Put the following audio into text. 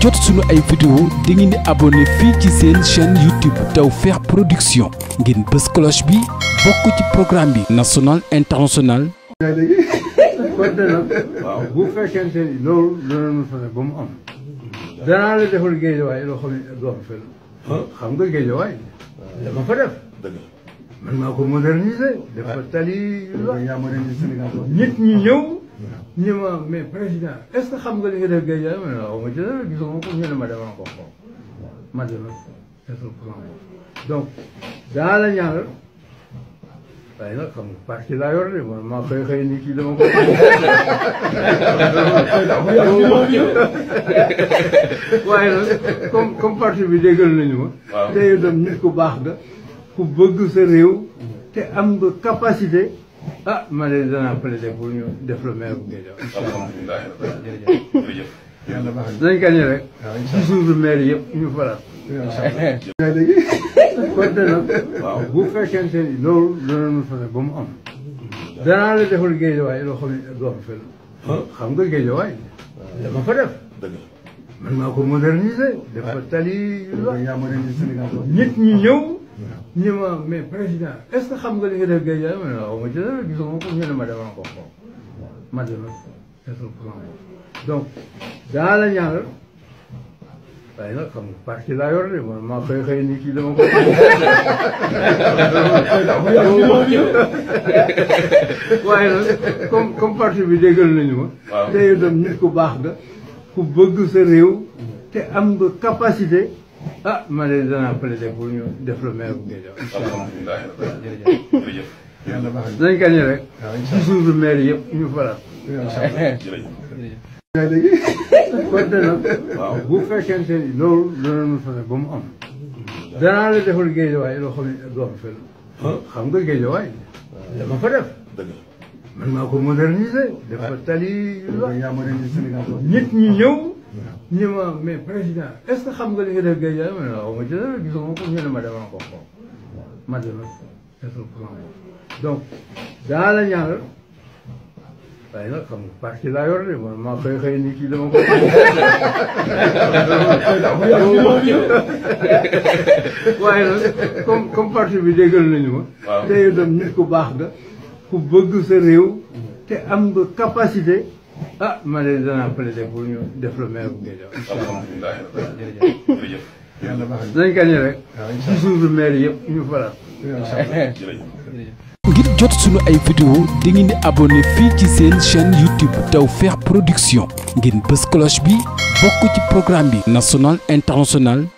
jot suñu ay vidéo da ngeen di abonné fii ci seen chaîne YouTube Tawfekh Production ngeen bës cloche bi bokk ci programme bi national international danaa la defal géejawaay loo xam ne doo fa dama fa def nit ñi ñëw ni ma mais président est ce que xam nga li nga def Guédiawaye ma ne la waxuma ci dara ko ñu ne ma demoon ko xool ma demoon donc daa la ñaanal waaye nag xam parti laa yor de man ni kii dama ko. waaye nag comme parti bi déggal nañu ma. waaw te itam nit ku baax nga ku bëgg sa réew. te am nga capacité. ma ne danaa plaider pour ñu def le maire bu Guédiawaye. alhamdulilah jërëjëf jërëjëf. yàlla loolu danañu fexe ba mu am. danaa la defal Guédiawaye loo xam ne doo fa fenn. xam nga Guédiawaye. dama fa def. dëgg man maa ko moderniser. nit ñi ñëw. ni ma mais président est-ce que xam nga li nga def géej yaay ma ne waaw ma ci ko ma demoon ko xool donc daa la ñaanal waaye nag xam nga de man maa xëy xëy ni kii dama ko. waaye nag comme comme parti bi déggal nañu ma. waaw te itam nit ku baax nga ku bëgg sa te am nga capacité. ah ma ne danaa plaider pour ñu def le maire bu Guédiawaye. alhamdulilah jërëjëf jërëjëf. yàlla baax nañu gagné rek. waaw incha allah toujours maire yëpp ñu faral. incha allah jërëjëf. waaw bu fekkente ni loolu danañu fexe ba mu am. danaa la defal Guédiawaye loo xam ne doo am fenn. xam nga Guédiawaye. dama fa def. man maa ko moderniser. dafa tali. nit ñi ñëw. ñu ma mais président est ce que xam nga li nga def géej gi ma ne waaw ma jël gisuma ko ñu ne ma demoon ko xool ma demoon defal plan donc daa la ñaanal waaye nag xam nga parti laa yor de man maa xëy xëy ni kii dama ko. waaye nag comme comme parti bi déggal nañu ma. waaw te itam nit ku baax nga ku bëgg sa réew. te am nga capacité. ah ma ne danaa plaider pour ñu def le maire bu ci suuf lu maire ngir jot sunu ay vidéo di ngeen di abonné ci seen chaîne YouTube Tawfekh Production ngeen bës cloche bi bokk ci programme bi national international.